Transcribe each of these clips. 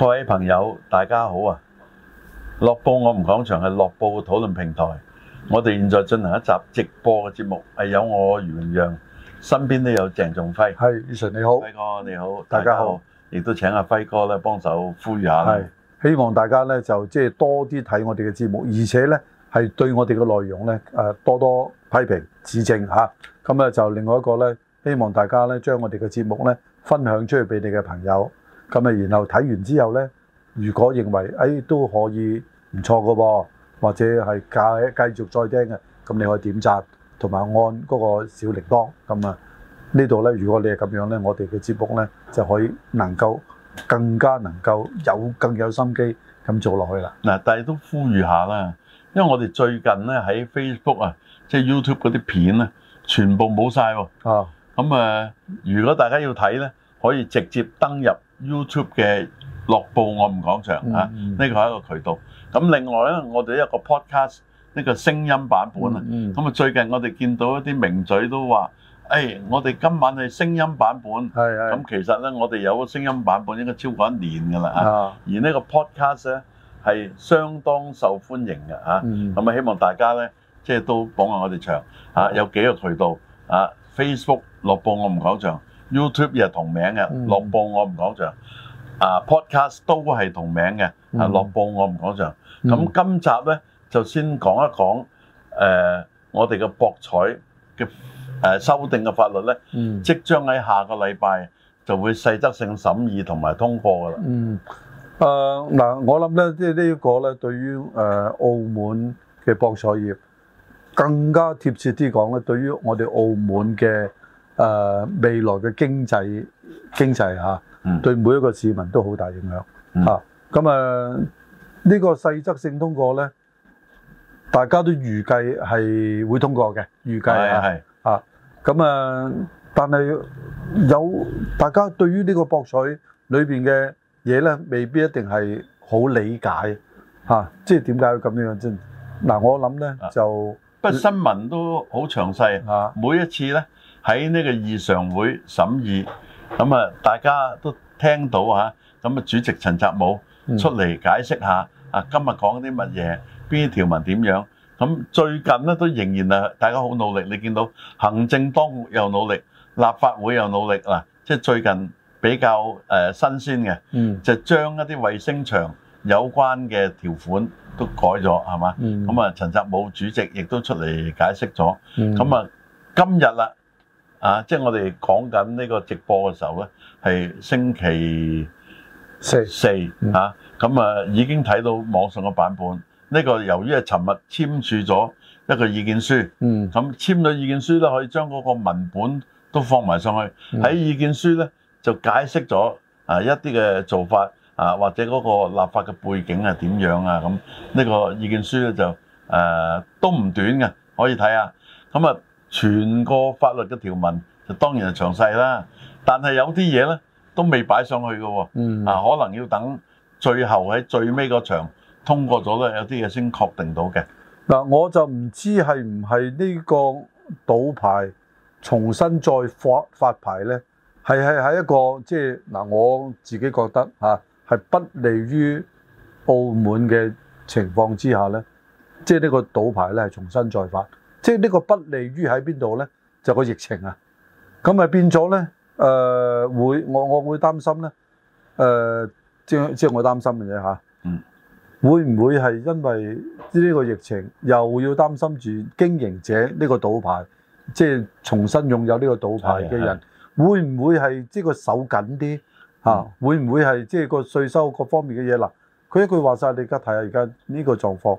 各位朋友，大家好啊！樂報我哋講場係樂報嘅討論平台，我哋現在進行一集直播嘅節目，係有我余榮讓，身邊都有鄭仲輝。係，以晨你好，輝哥你好，大家好，亦都請阿輝哥咧幫手呼籲下。係，希望大家咧就即係多啲睇我哋嘅節目，而且咧係對我哋嘅內容咧多多批評指正下。咁啊就另外一個咧，希望大家咧將我哋嘅節目咧分享出去俾你嘅朋友。咁啊，然後睇完之後咧，如果認為誒都可以唔錯噶噃，或者係價繼續再聽嘅，咁你可以點讚同埋按嗰個小鈴鐺。咁啊，呢度咧，如果你係咁樣咧，我哋嘅節目咧就可以能夠更加能夠有更有心機咁做落去啦。嗱，但係都呼籲下啦，因為我哋最近咧喺 Facebook 啊，即係 YouTube 嗰啲片咧，全部冇曬喎。啊，咁誒，如果大家要睇咧，可以直接登入 YouTube 嘅樂報我們講場啊，呢個係一個渠道。咁另外咧，我哋一個 podcast 呢個聲音版本啊，咁啊最近我哋見到一啲名嘴都話：誒，我哋今晚係聲音版本。係、嗯、咁、嗯哎、其實咧，我哋有個聲音版本應該超過一年㗎啦、啊、而呢個 podcast 咧係相當受歡迎㗎嚇。咁、嗯、啊希望大家咧即係都幫下我哋場啊，有幾個渠道啊 Facebook 樂報我們講場，YouTube 又同名嘅，樂報我們講場。啊，Podcast 都係同名嘅，啊樂報我們講場。咁今集咧就先講一講，誒我哋嘅博彩嘅誒修訂嘅法律咧，即將喺下個禮拜就會細則性審議同埋通過噶啦。嗯，誒嗱，我諗咧，即係呢個咧，對於誒澳門嘅博彩業更加貼切啲講咧，對於我哋澳門嘅。誒未來嘅經濟經濟嚇，對每一個市民都好大影響嚇。咁啊，呢個細則性通過咧，大家都預計係會通過嘅預計係嚇。咁啊，但係有大家對於呢個博彩裏邊嘅嘢咧，未必一定係好理解嚇。即係點解要咁樣先？嗱，我諗咧就不新聞都好詳細嚇，每一次咧。喺呢個二常會審議，咁啊，大家都聽到啊，咁啊，主席陳澤武出嚟解釋下啊，今日講啲乜嘢，邊啲條文點樣？咁最近咧都仍然啊，大家好努力，你見到行政當局又努力，立法會又努力嗱，即係最近比較誒新鮮嘅，就將一啲衞星場有關嘅條款都改咗係嘛？咁啊，陳澤武主席亦都出嚟解釋咗，咁啊，今日啦。啊！即係我哋講緊呢個直播嘅時候咧，係星期四四咁、嗯、啊、嗯、已經睇到網上嘅版本。呢、呢個由於係尋日簽署咗一個意見書，嗯，咁簽咗意見書咧，可以將嗰個文本都放埋上去。喺、嗯、意見書咧就解釋咗啊一啲嘅做法啊，或者嗰個立法嘅背景係點樣啊？咁、嗯、呢、呢個意見書咧就誒、啊、都唔短嘅，可以睇下。咁啊～全個法律嘅條文就當然係詳細啦，但係有啲嘢咧都未擺上去嘅喎、嗯，啊可能要等最後喺最尾個場通過咗咧，有啲嘢先確定到嘅。嗱、嗯，我就唔知係唔係呢個賭牌重新再發發牌咧，係係喺一個即係嗱我自己覺得係、啊、不利於澳門嘅情況之下咧，即係呢個賭牌咧係重新再發。即係呢個不利於喺邊度咧？就個疫情啊，咁咪變咗咧？誒會我我會擔心咧？誒即即係我擔心嘅嘢嚇，嗯，會唔會係因為呢個疫情又要擔心住經營者呢個賭牌，即係重新擁有呢個賭牌嘅人，會唔會係即係個手緊啲嚇？會唔會係即係個稅收各方面嘅嘢嗱？佢一句話曬你而家睇下而家呢個狀況。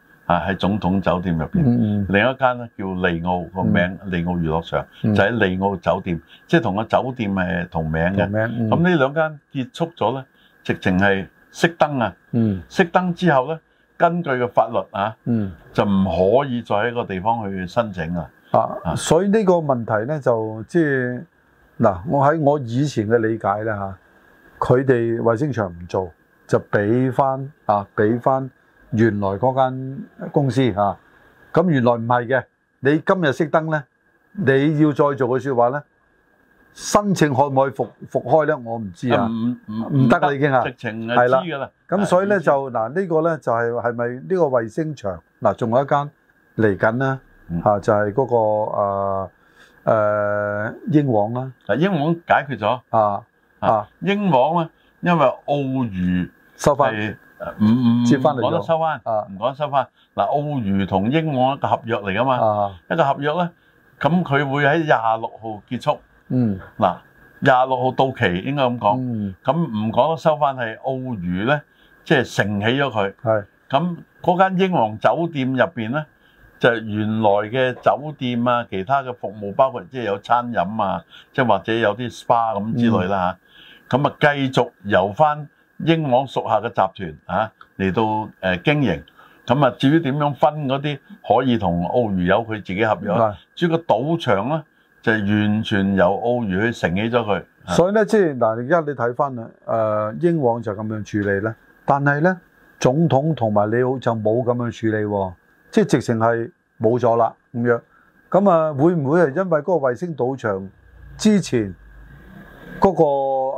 啊！喺總統酒店入邊、嗯，另一間咧叫利澳個名，利澳娛樂場、嗯、就喺利澳酒店，即係同個酒店係同名嘅。咁呢、嗯、兩間結束咗咧，直情係熄燈啊！熄、嗯、燈之後咧，根據個法律啊、嗯，就唔可以再喺個地方去申請啊！啊，所以呢個問題咧就即係嗱，我、就、喺、是啊、我以前嘅理解咧嚇，佢哋衛星場唔做就俾翻啊，俾翻。原來嗰間公司嚇，咁原來唔係嘅。你今日熄燈咧，你要再做個説話咧，申請可唔可以復復開咧？我唔知啊。唔唔唔得啦，已經啊，直情係知㗎啦。咁所以咧就嗱，呢個咧就係係咪呢個衞星場嗱？仲有一間嚟緊啦嚇，就係嗰個誒誒英皇啦。嗱，英皇解決咗啊啊！英皇咧，因為澳娛收翻。五五唔講得收翻，唔講得收翻。嗱，澳娛同英皇一個合約嚟噶嘛，一個合約咧，咁佢會喺廿六號結束。嗯，嗱，廿六號到期應該咁講。咁唔講得收翻係澳娛咧，即係承起咗佢。係，咁嗰間英皇酒店入邊咧，就原來嘅酒店啊，其他嘅服務包括即係有餐飲啊，即係或者有啲 SPA 咁之類啦嚇。咁啊，繼續由翻。英皇屬下嘅集團啊，嚟到誒經營，咁啊，至於點樣分嗰啲可以同澳娛有佢自己合約，至於，嗰個賭場咧，就完全由澳娛去承起咗佢。所以咧，即係嗱，而家你睇翻啦，誒英皇就咁樣處理咧，但係咧，總統同埋利澳就冇咁樣處理喎，即係直情係冇咗啦咁樣。咁啊，會唔會係因為嗰個衛星賭場之前嗰個？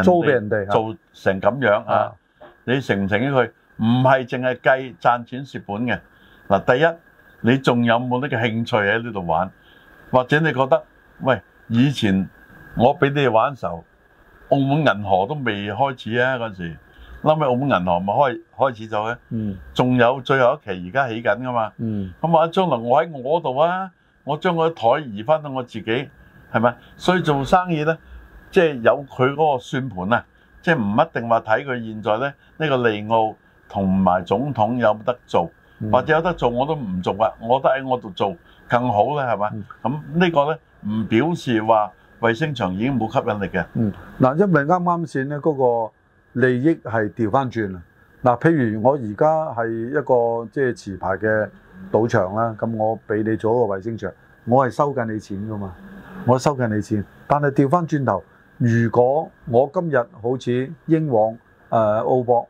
租俾人哋做成咁樣啊！你承唔承認佢？唔係淨係計賺錢蝕本嘅嗱。第一，你仲有冇呢個興趣喺呢度玩？或者你覺得喂，以前我俾你哋玩嘅時候，澳門銀河都未開始啊嗰時，諗起澳門銀河咪開開始咗咧？嗯，仲有最後一期而家起緊噶嘛？嗯，咁啊，將來我喺我度啊，我將嗰台移翻到我自己，係咪？所以做生意咧。即係有佢嗰個算盤啊！即係唔一定話睇佢現在咧呢、呢個利澳同埋總統有得做，嗯、或者有得做我都唔做啊！我覺得喺我度做更好咧，係嘛？咁、嗯、呢個咧唔表示話衛星場已經冇吸引力嘅。嗱、嗯，因為啱啱先咧嗰個利益係調翻轉啊！嗱，譬如我而家係一個即係持牌嘅賭場啦，咁我俾你做一個衛星場，我係收緊你的錢噶嘛，我收緊你錢，但係調翻轉頭。如果我今日好似英皇、呃、澳博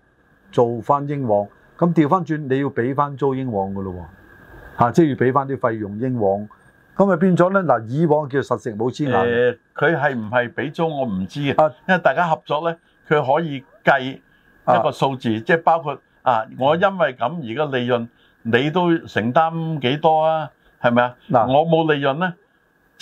做翻英皇，咁調翻轉你要俾翻租英皇噶咯喎，即係要俾翻啲費用英皇，咁咪變咗咧嗱？以往叫實食冇錢眼，佢係唔係俾租我唔知啊，因為大家合作咧，佢可以計一個數字，啊、即係包括啊，我因為咁而家利潤你都承擔幾多啊？係咪啊？嗱，我冇利潤咧。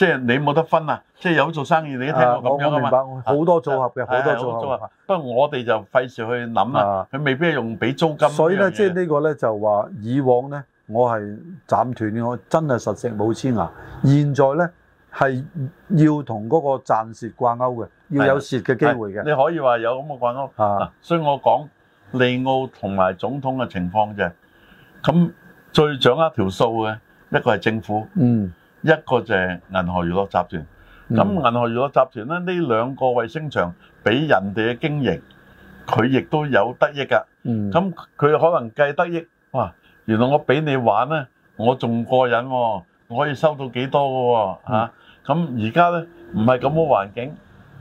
即係你冇得分啊！即係有做生意，你都聽我咁樣、啊、我明白，好、啊、多組合嘅，好、啊啊、多組合。啊啊組合啊、不過我哋就費事去諗啦，佢、啊、未必係用俾租金。所以咧，即係呢個咧就話，以往咧我係斬斷我真係實蝕冇錢啊！現在咧係要同嗰個賺蝕掛鈎嘅，要有蝕嘅機會嘅、啊啊。你可以話有咁嘅掛鈎啊！所以我講利澳同埋總統嘅情況啫。咁最掌握條數嘅一個係政府。嗯。一個就係銀河娛樂集團，咁銀河娛樂集團咧，呢兩個衛星場俾人哋嘅經營，佢亦都有得益㗎。咁佢可能計得益，哇！原來我俾你玩咧，我仲過癮喎，我可以收到幾多㗎喎嚇。咁而家咧唔係咁嘅環境，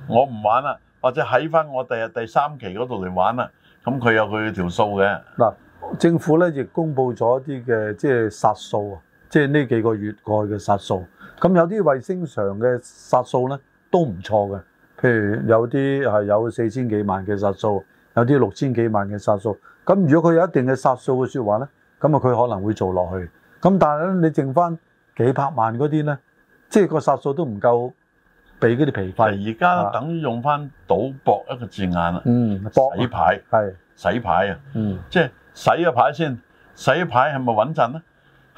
我唔玩啦，或者喺翻我第日第三期嗰度嚟玩啦。咁佢有佢條數嘅。嗱，政府咧亦公布咗一啲嘅即係殺數啊。即係呢幾個月過去嘅殺數，咁有啲衛星場嘅殺數咧都唔錯嘅。譬如有啲係有四千幾萬嘅殺數，有啲六千幾萬嘅殺數。咁如果佢有一定嘅殺數嘅說話咧，咁啊佢可能會做落去。咁但係咧，你剩翻幾百萬嗰啲咧，即係個殺數都唔夠，俾嗰啲皮費。而家等於用翻賭博一個字眼啦。嗯，薄啊、洗牌係洗牌啊。嗯，即係洗咗牌先，洗牌係咪穩陣咧？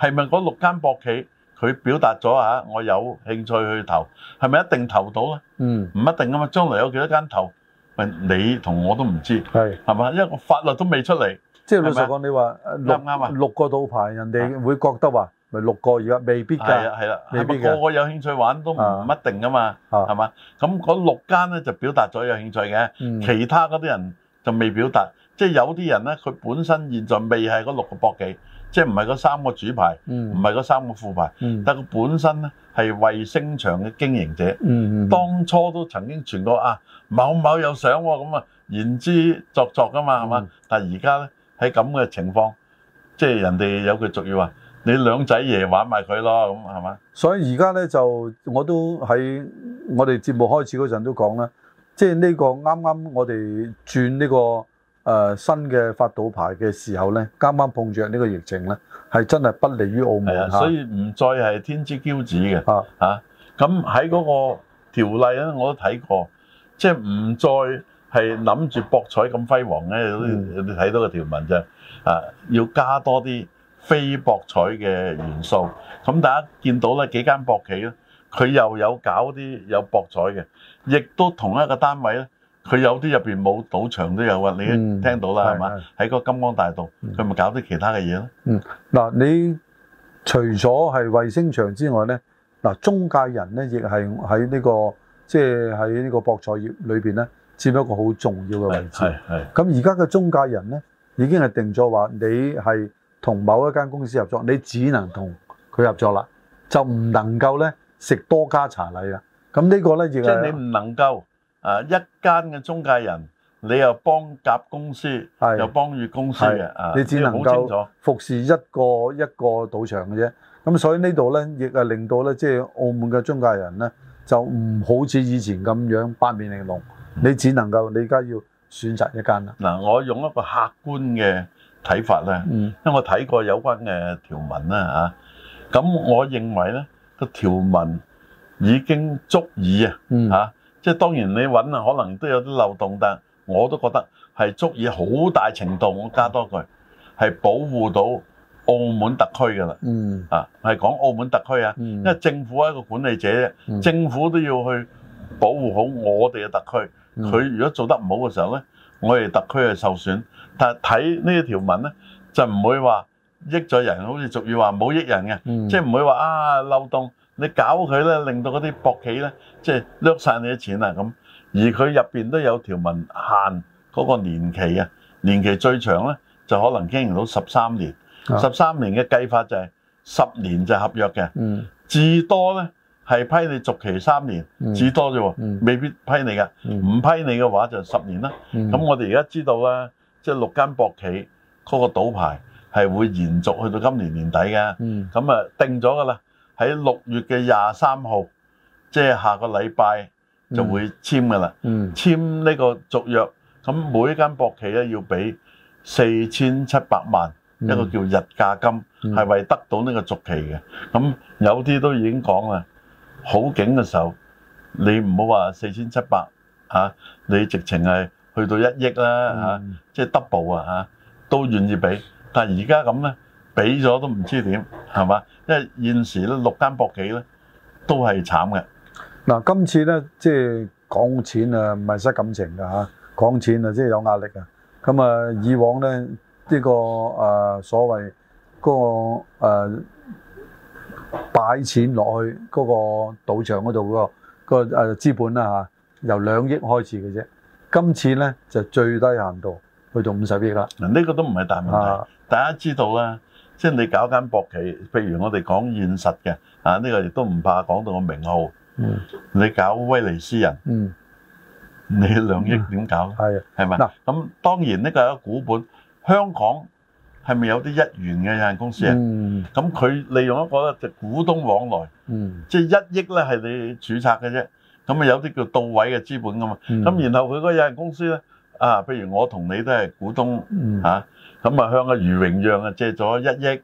係咪嗰六間博企佢表達咗啊？我有興趣去投，係咪一定投到咧？嗯，唔一定噶嘛。將來有幾多間投，咪你同我都唔知。係係嘛，因為個法律都未出嚟。即係老實講，你話啱唔啱啊？六個賭牌，人哋會覺得話咪六個而家未必㗎。係啦，係啦，未必㗎。係咪個個有興趣玩都唔一定噶嘛？係嘛？咁嗰六間咧就表達咗有興趣嘅，其他嗰啲人就未表達。即係有啲人咧，佢本身現在未係嗰六個博企。即係唔係嗰三個主牌，唔係嗰三個副牌，嗯、但係佢本身咧係衛星場嘅經營者、嗯，當初都曾經傳過啊某某有想喎，咁啊言之鑿鑿噶嘛，係、嗯、嘛？但係而家咧喺咁嘅情況，即係人哋有句俗語話：你兩仔爺玩埋佢咯，咁係嘛？所以而家咧就我都喺我哋節目開始嗰陣都講啦，即係呢個啱啱我哋轉呢個。剛剛誒、呃、新嘅發賭牌嘅時候咧，啱啱碰着呢個疫情咧，係真係不利於澳門，所以唔再係天之驕子嘅。咁喺嗰個條例咧，我都睇過，即係唔再係諗住博彩咁輝煌咧。你、嗯、睇到個條文啫。啊，要加多啲非博彩嘅元素。咁大家見到咧，幾間博企咧，佢又有搞啲有博彩嘅，亦都同一個單位咧。佢有啲入邊冇賭場都有啊！你聽到啦，係、嗯、嘛？喺個金光大道，佢、嗯、咪搞啲其他嘅嘢咯？嗯，嗱，你除咗係衛星場之外咧，嗱中介人咧、這個，亦係喺呢個即係喺呢個博彩業裏邊咧，佔一個好重要嘅位置。係係。咁而家嘅中介人咧，已經係定咗話，你係同某一間公司合作，你只能同佢合作啦，就唔能夠咧食多家茶禮啊！咁呢個咧亦即係你唔能夠啊！一間嘅中介人，你又幫甲公司，又幫乙公司啊！你只能夠服侍一個一個賭場嘅啫。咁、嗯、所以呢度咧，亦係令到咧，即、就、係、是、澳門嘅中介人咧，就唔好似以前咁樣八面玲瓏、嗯。你只能夠你而家要選擇一間啦。嗱、嗯，我用一個客觀嘅睇法咧，因為我睇過有關嘅條文啦，咁、啊、我認為咧，個條文已經足以、嗯。啊即係當然你揾啊，可能都有啲漏洞，但係我都覺得係足以好大程度，我加多句係保護到澳門特區㗎啦。嗯啊，係講澳門特區啊、嗯，因為政府係一個管理者、嗯，政府都要去保護好我哋嘅特區。佢、嗯、如果做得唔好嘅時候咧，我哋特區係受損。但係睇呢條文咧，就唔會話益咗人，好似俗語話冇益人嘅、嗯，即係唔會話啊漏洞。你搞佢咧，令到嗰啲博企咧，即係掠晒你嘅錢啊咁。而佢入邊都有條文限嗰個年期啊，年期最長咧就可能經營到十三年。十三年嘅計法就係十年就合約嘅，至多咧係批你續期三年至多啫喎，未必批你㗎。唔批你嘅話就十年啦。咁我哋而家知道咧，即係六間博企嗰個賭牌係會延續去到今年年底嘅，嗯，咁啊定咗噶啦。喺六月嘅廿三號，即、就、係、是、下個禮拜就會簽㗎啦、嗯嗯。簽呢個續約，咁每一間博企咧要俾四千七百萬、嗯，一個叫溢價金，係、嗯、為得到呢個續期嘅。咁有啲都已經講啦，好景嘅時候，你唔好話四千七百吓，你直情係去到一億啦吓，即、嗯、係、啊就是、double 啊吓，都願意俾。但係而家咁咧？俾咗都唔知點係嘛？因為現時咧六間博企咧都係慘嘅。嗱，今次咧即係講錢啊，唔係失感情㗎嚇。講錢啊，即係有壓力啊。咁啊，以往咧呢、這個誒、呃、所謂嗰、那個誒擺、呃、錢落去嗰個賭場嗰度嗰個個誒資本啦嚇，由兩億開始嘅啫。今次咧就最低限度去到五十億啦。嗱，呢個都唔係大問題啊。大家知道啦。即係你搞間博企，譬如我哋講現實嘅，啊呢個亦都唔怕講到個名號。嗯。你搞威尼斯人。嗯。你兩億點搞？係啊。係咪？嗱，咁當然呢個係個股本，香港係咪有啲一元嘅有限公司啊？嗯。咁佢利用一個就股東往來。嗯。即係一億咧係你註冊嘅啫，咁啊有啲叫到位嘅資本噶嘛。嗯。咁然後佢嗰個有限公司咧，啊，譬如我同你都係股東。嗯。嚇！咁啊，向阿余榮讓啊借咗一億，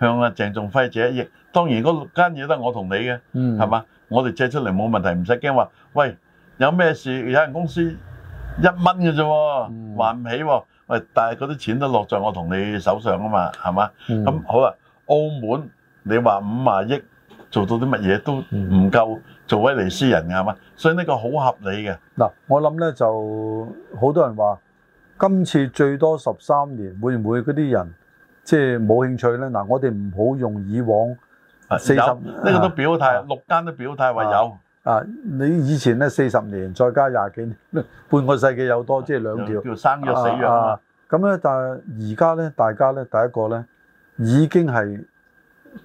向阿鄭仲輝借一億。當然嗰六間嘢都係我同你嘅，係嘛？我哋借出嚟冇問題，唔使驚話，喂，有咩事有人公司一蚊嘅啫喎，還唔起喎？喂，但係嗰啲錢都落在我同你手上啊嘛，係嘛？咁好啊。澳門你話五萬億做到啲乜嘢都唔夠做威尼斯人㗎係嘛？所以呢個好合理嘅。嗱，我諗咧就好多人話。今次最多十三年，會唔會嗰啲人即係冇興趣咧？嗱，我哋唔好用以往40，啊，四十呢個都表態、啊，六間都表態話有啊，啊。你以前咧四十年，再加廿幾年，半個世紀有多，即係兩條叫生約死約啊。咁咧、啊啊，但係而家咧，大家咧，第一個咧已經係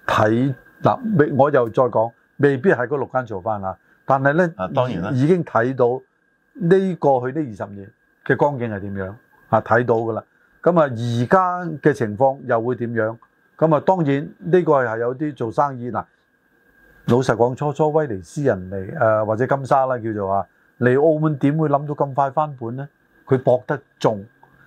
睇嗱，未、啊、我又再講，未必係嗰六間做翻啦。但係咧、啊，當當然啦，已經睇到呢過、這個、去呢二十年。嘅光景係點樣啊？睇到噶啦，咁啊而家嘅情況又會點樣？咁啊當然呢個係有啲做生意嗱，老實講初初威尼斯人嚟誒、啊、或者金沙啦叫做啊嚟澳門點會諗到咁快翻本咧？佢博得中，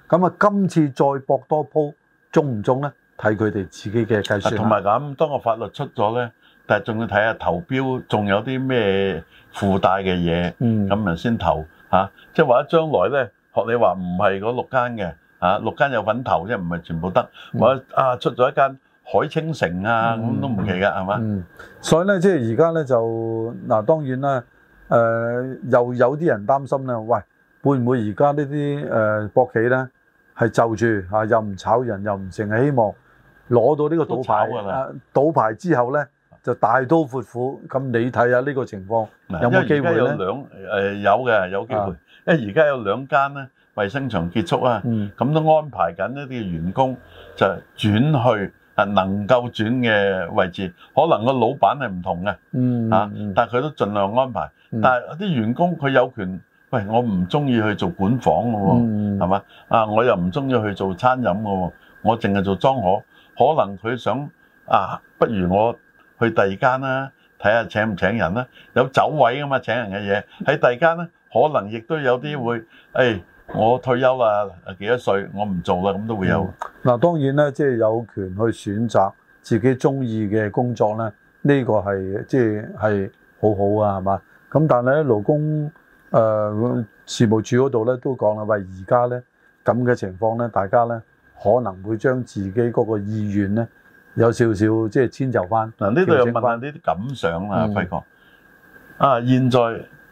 咁啊今次再博多鋪中唔中咧？睇佢哋自己嘅計算。同埋咁，當個法律出咗咧，但係仲要睇下投標仲有啲咩附帶嘅嘢，咁、嗯、啊先投吓即係或者將來咧。學你話唔係嗰六間嘅，啊六間有份頭即係，唔係全部得。或者啊出咗一間海清城啊，咁都唔奇㗎，係嘛？所以咧，即係而家咧就嗱，當然啦，誒又有啲人擔心咧，喂會唔會而家呢啲誒博企咧係就住嚇，又唔炒人，又唔剩，係希望攞到呢個賭牌啊！賭牌之後咧就大刀闊斧。咁你睇下呢個情況有冇機會咧？而家有兩誒，有嘅有機會。因為而家有兩間咧，衞星場結束啦，咁都安排緊一啲員工就轉去啊，能夠轉嘅位置，可能個老闆係唔同嘅，嚇，但係佢都盡量安排。但係啲員工佢有權，喂，我唔中意去做管房嘅喎，係嘛？啊，我又唔中意去做餐飲嘅喎，我淨係做裝潢，可能佢想啊，不如我去第二間啦，睇下請唔請人啦，有走位嘅嘛，請人嘅嘢喺第二間咧。可能亦都有啲會，誒、哎，我退休啦，幾多歲，我唔做啦，咁都會有。嗱、嗯，當然咧，即係有權去選擇自己中意嘅工作咧，呢個係即係係好好啊，係嘛？咁但係咧，勞工誒事務處嗰度咧都講啦，喂，而家咧咁嘅情況咧，大家咧可能會將自己嗰個意願咧有少少即係遷就翻。嗱，呢度有問下啲感想啦，輝哥。啊，現在。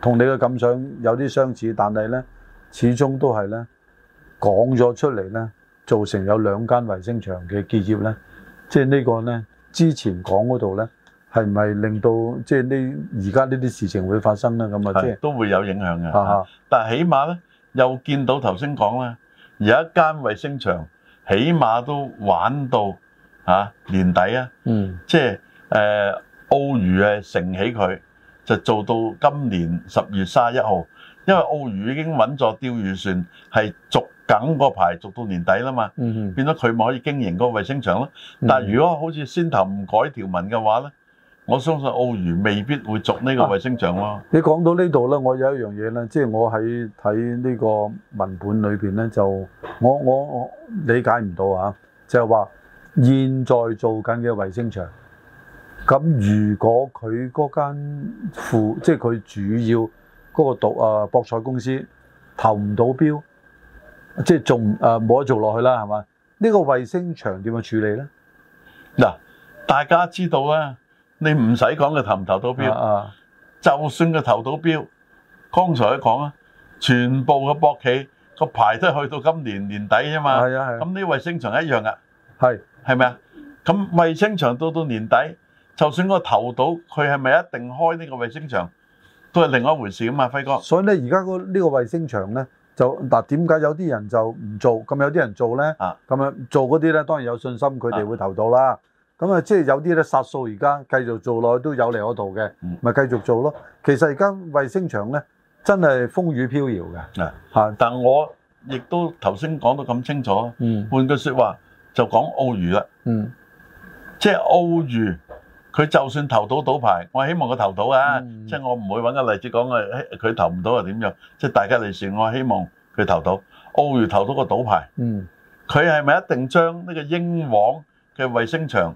同你嘅感想有啲相似，但係咧，始終都係咧講咗出嚟咧，造成有兩間衛星場嘅結業咧，即係呢個咧之前講嗰度咧，係咪令到即係呢而家呢啲事情會發生咧？咁啊，即係都會有影響嘅。但係起碼咧，又見到頭先講啦，有一間衛星場起碼都玩到吓年底啊，即係誒澳娛誒承起佢。就做到今年十月三十一號，因為澳娛已經揾咗釣魚船，係續緊個牌，續到年底啦嘛，嗯、變咗佢咪可以經營個衛星場咯、嗯。但係如果好似先頭唔改條文嘅話咧，我相信澳娛未必會續呢個衛星場咯、啊。你講到呢度咧，我有一樣嘢咧，即係我喺睇呢個文本裏邊咧，就我我我理解唔到啊，就係話現在做緊嘅衛星場。咁如果佢嗰間負，即係佢主要嗰個讀啊博彩公司投唔到標，即係仲誒冇得做落去啦，係嘛？呢個衞星場點樣處理咧？嗱，大家知道咧，你唔使講佢投唔投到標，就算佢投到標，剛才都講啦，全部嘅博企個牌都係去到今年年底啫嘛。係啊係。咁呢個衞星場一樣啊。係係咪啊？咁衞星場到到年底。就算我投到佢係咪一定開呢個衛星場，都係另外一回事噶嘛，輝哥。所以咧，而家呢個衛星場咧，就嗱，點解有啲人就唔做？咁有啲人做咧，咁、啊、樣做嗰啲咧，當然有信心佢哋會投到啦。咁啊，即係有啲咧殺數而家繼續做落去都有嚟我度嘅，咪、嗯、繼續做咯。其實而家衛星場咧，真係風雨飄搖嘅。啊，吓、啊！但我亦都頭先講到咁清楚。嗯。換句說話，就講澳娛啦。嗯。即係澳娛。佢就算投到賭,賭牌，我希望佢投到啊、嗯！即係我唔會揾個例子講佢投唔到又點樣即係大家嚟説，我希望佢投到澳娛投到個賭牌。嗯，佢係咪一定將呢個英皇嘅衛星場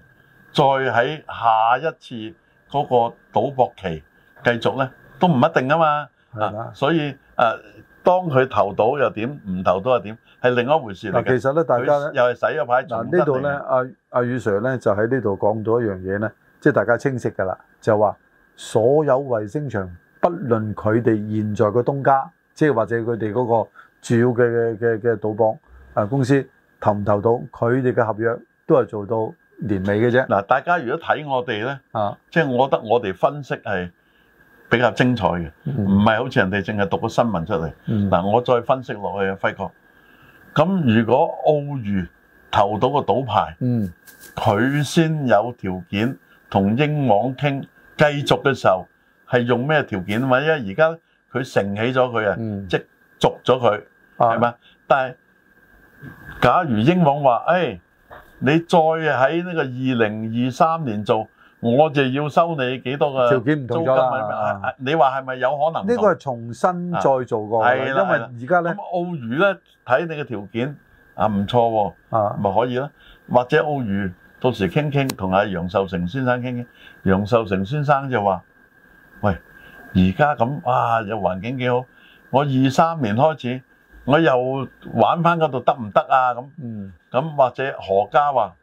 再喺下一次嗰個賭博期繼續咧？都唔一定嘛啊嘛。所以誒、啊，當佢投到又點？唔投到又點？係另一回事嗱，其實咧，大家咧，又係洗咗牌。嗱，呢度咧，阿阿余 Sir 咧就喺呢度講咗一樣嘢咧。即係大家清晰㗎啦，就話所有衛星場，不論佢哋現在嘅東家，即係或者佢哋嗰個主要嘅嘅嘅嘅賭幫公司投唔投到，佢哋嘅合約都係做到年尾嘅啫。嗱，大家如果睇我哋咧，啊，即係我覺得我哋分析係比較精彩嘅，唔係好似人哋淨係讀個新聞出嚟。嗱、嗯，我再分析落去啊，輝哥。咁如果澳娛投到個賭牌，嗯，佢先有條件。同英皇傾繼續嘅時候係用咩條件啊？因為而家佢承起咗佢、嗯、啊，即係續咗佢，係咪？但係假如英皇話：，誒、哎，你再喺呢個二零二三年做，我就要收你幾多嘅租金，條件唔同咗啦，你話係咪有可能？呢、這個係重新再做過、啊，因為而家咧。咁澳娛咧睇你嘅條件啊，唔錯喎，咪、啊、可以啦，或者澳娛。到時傾傾，同阿楊秀成先生傾傾。楊秀成先生就話：喂，而家咁，哇，又環境幾好。我二三年開始，我又玩翻嗰度得唔得啊？咁，咁或者何家話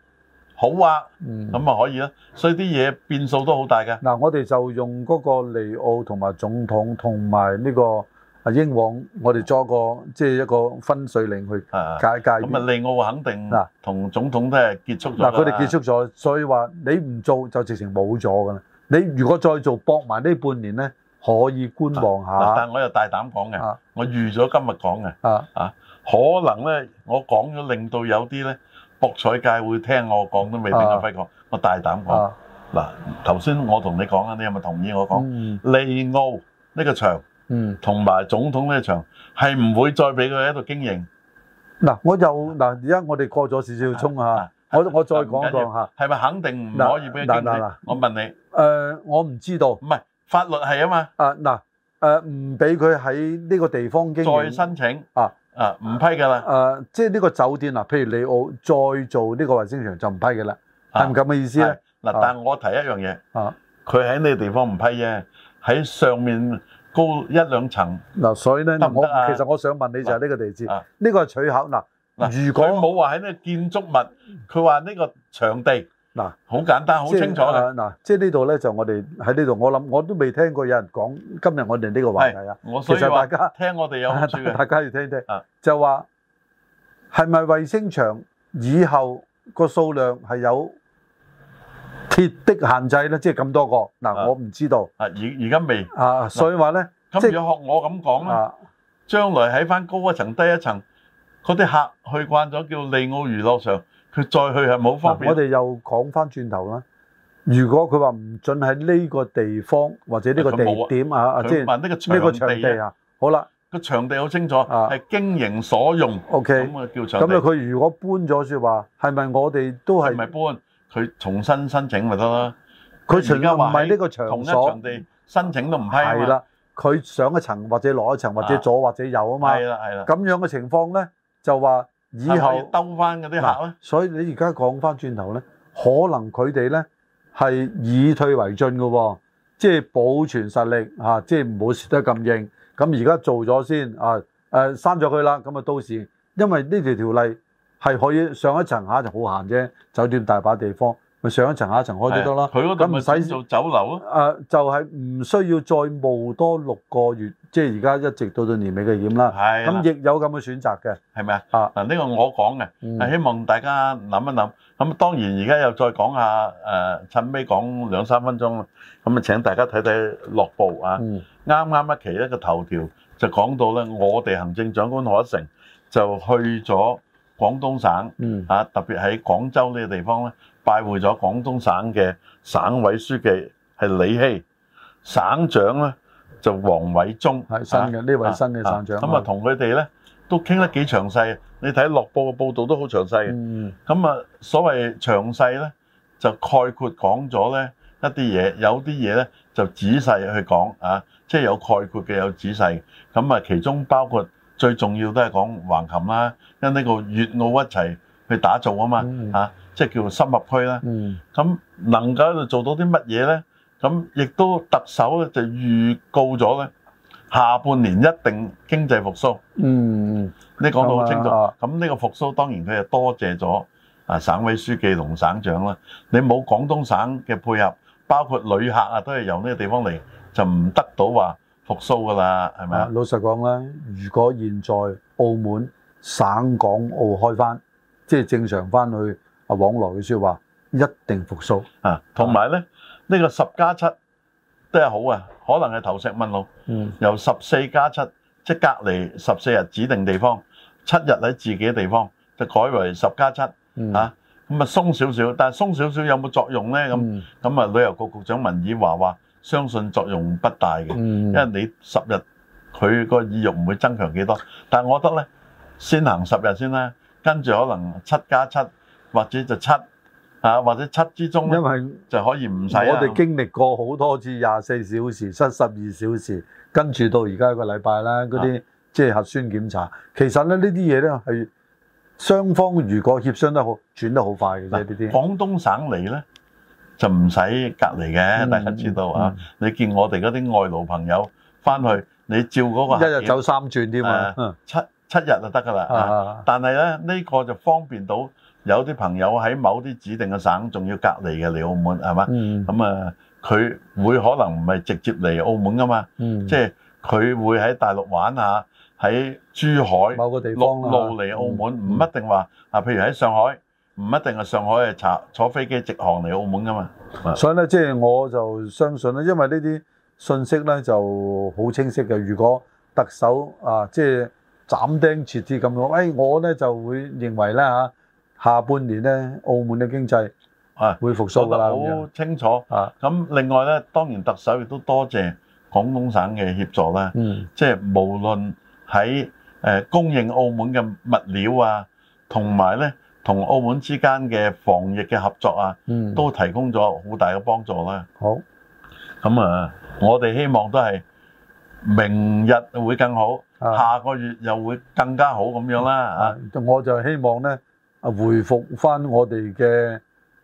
好啊，咁咪可以咯。所以啲嘢變數都好大嘅。嗱，我哋就用嗰個利奧同埋總統同埋呢個。啊，英皇我哋作個即係一個分水嶺去解解漁。咁啊，利澳肯定嗱，同總統都係結束咗。嗱，佢哋結束咗，所以話你唔做就直情冇咗㗎啦。你如果再做搏埋呢半年咧，可以觀望下。但係我又大膽講嘅，我預咗今日講嘅啊，啊，可能咧我講咗令到有啲咧博彩界會聽我講都未必阿輝講，我大膽講嗱，頭先我同你講啊，你係咪同意我講利澳呢個場？嗯，同埋總統呢場係唔會再俾佢喺度經營。嗱、啊，我又嗱，而、啊、家我哋過咗少少沖嚇，我、啊、我再講一講，嚇，係、啊、咪肯定唔可以俾佢經營啦、啊、我問你，呃、我唔知道。唔係法律係啊嘛。啊、呃、嗱，唔俾佢喺呢個地方經營。再申請啊啊，唔、呃啊啊、批㗎啦、啊呃。即係呢個酒店嗱，譬如利澳再做呢個衛星場就唔批㗎啦。係唔咁嘅意思咧？嗱、啊啊，但係我提一樣嘢，佢喺呢個地方唔批嘅，喺上面。高一兩層嗱，所以咧，我其實我想問你就係呢個地址，呢個係取巧嗱。嗱，如果冇話喺咩建築物，佢話呢個場地嗱，好簡單，好清楚嘅嗱。即係呢度咧，就我哋喺呢度，我諗我都未聽過有人講今日我哋呢個話題啊。我其實大家聽我哋有，大家要聽一聽，就話係咪衞星場以後個數量係有？鐵的限制咧，即係咁多個嗱、啊，我唔知道啊，而而家未啊，所以話咧，咁如果學我咁講啦。將來喺翻高一層、啊、低一層，嗰啲客去慣咗叫利澳娛樂場，佢再去係冇方便。啊、我哋又講翻轉頭啦，如果佢話唔準喺呢個地方或者呢個地點啊，即係呢個場地啊，啊好啦，個、啊、場地好清楚，係、啊、經營所用。O K，咁我叫場地。咁啊，佢如果搬咗，說話係咪我哋都係？唔搬。佢重新申請咪得咯？佢而家唔係呢個場所申請都唔批啊嘛。係啦，佢上一層或者落一層或者左或者右啊嘛。係啦係啦。咁樣嘅情況咧，就話以後兜翻嗰啲客咧。所以你而家講翻轉頭咧，可能佢哋咧係以退為進嘅喎，即係保存實力嚇，即係唔好蝕得咁硬。咁而家做咗先啊，誒刪咗佢啦。咁啊到時因為呢條條例。係可以上一層下就好閒啫，酒店大把地方，咪上一層下一層開都得啦。佢嗰度咁咪使做酒樓、呃、就係、是、唔需要再冒多六個月，即係而家一直到到年尾嘅險啦。係。咁亦有咁嘅選擇嘅，係咪啊？啊，嗱、這、呢個我講嘅、嗯，希望大家諗一諗。咁當然而家又再講下誒，趁尾講兩三分鐘咁啊，請大家睇睇《樂、嗯、報啊。啱啱一期一個頭條就講到咧，我哋行政長官賀一誠就去咗。廣東省啊，特別喺廣州呢個地方咧，拜會咗廣東省嘅省委書記係李希，省長咧就王偉中，係新嘅呢位新嘅省長。咁啊，同佢哋咧都傾得幾詳細。你睇落報嘅報導都好詳細。咁啊，所謂詳細咧，就概括講咗咧一啲嘢，有啲嘢咧就仔細去講啊，即係有概括嘅有仔細。咁啊，其中包括。最重要都係講橫琴啦，因為呢個粵澳一齊去打造啊嘛，嚇，即係叫做深合區啦。咁能夠喺度做到啲乜嘢咧？咁亦都特首咧就預告咗咧，下半年一定經濟復甦。嗯，你講到好清楚。咁呢個復甦當然佢又多謝咗啊省委書記同省長啦。你冇廣東省嘅配合，包括旅客啊都係由呢個地方嚟，就唔得到話。復甦噶啦，係咪啊？老實講咧，如果現在澳門省港澳開翻，即係正常翻去啊往來嘅說話，一定復甦啊！同埋咧，呢、啊這個十加七都係好啊，可能係投石問路。嗯。由十四加七，即係隔離十四日指定地方，七日喺自己嘅地方，就改為十加七。嗯。啊，咁啊鬆少少，但係鬆少少有冇作用咧？咁咁啊，旅遊局局長文綺華話。相信作用不大嘅，因為你十日佢個意欲唔會增強幾多。但我覺得咧，先行十日先啦，跟住可能七加七或者就七、啊、或者七之中因為就可以唔使我哋經歷過好多次廿四小時、七十二小時，跟住到而家一個禮拜啦，嗰啲即係核酸檢查。其實咧呢啲嘢咧係雙方如果協商得好，轉得好快嘅啫。呢啲廣東省嚟咧？就唔使隔離嘅，大家知道啊！你見我哋嗰啲外勞朋友翻去，你照嗰個一日走三轉添嘛？七七日就得噶啦。但係咧，呢個就方便到有啲朋友喺某啲指定嘅省仲要隔離嘅嚟澳門係嘛？咁啊，佢會可能唔係直接嚟澳門噶嘛？即係佢會喺大陸玩下，喺珠海落嚟澳門，唔一定話啊。譬如喺上海。唔一定係上海，係查坐飛機直航嚟澳門㗎嘛，所以咧，即係我就相信咧，因為呢啲信息咧就好清晰嘅。如果特首啊即係斬釘截鐵咁樣，誒我咧就會認為咧嚇下半年咧澳門嘅經濟啊會復甦㗎啦。好清楚啊！咁另外咧，當然特首亦都多謝廣東省嘅協助啦。嗯，即係無論喺誒供應澳門嘅物料啊，同埋咧。同澳門之間嘅防疫嘅合作啊，都提供咗好大嘅幫助啦、嗯。好，咁啊，我哋希望都係明日會更好、啊，下個月又會更加好咁樣啦、啊。啊、嗯嗯，我就希望咧，啊回復翻我哋嘅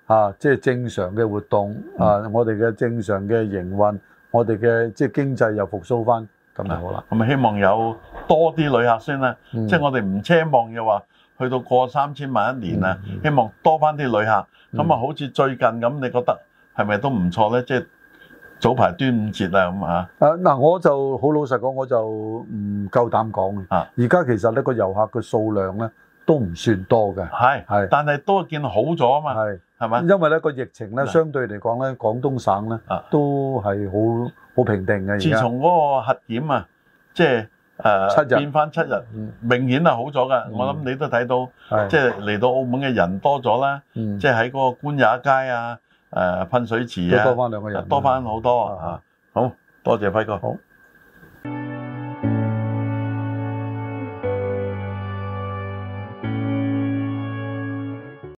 啊，即、就、係、係、正常嘅活動、嗯、啊，我哋嘅正常嘅營運，我哋嘅即係經濟又復甦翻咁就好啦。咁、嗯、啊，希望有多啲旅客先啦。即係我哋唔奢望嘅話去到過三千萬一年啊！希望多返啲旅客，咁啊好似最近咁，你覺得係咪都唔錯呢？即係早排端午節啊咁吓。誒嗱，我就好老實講，我就唔夠膽講。啊！而家其實呢個遊客嘅數量呢都唔算多嘅。係係，但係都見好咗啊嘛。係係咪？因為呢個疫情呢，相對嚟講呢，廣東省呢都係好好平定嘅。而家自從嗰個核檢啊，即係。誒變翻七日，七日嗯、明顯係好咗㗎、嗯。我諗你都睇到，嗯、即係嚟到澳門嘅人多咗啦、嗯。即係喺嗰個官也街啊，誒、呃、噴水池啊，多翻兩個人、啊，多翻好多啊，啊！好多謝輝哥。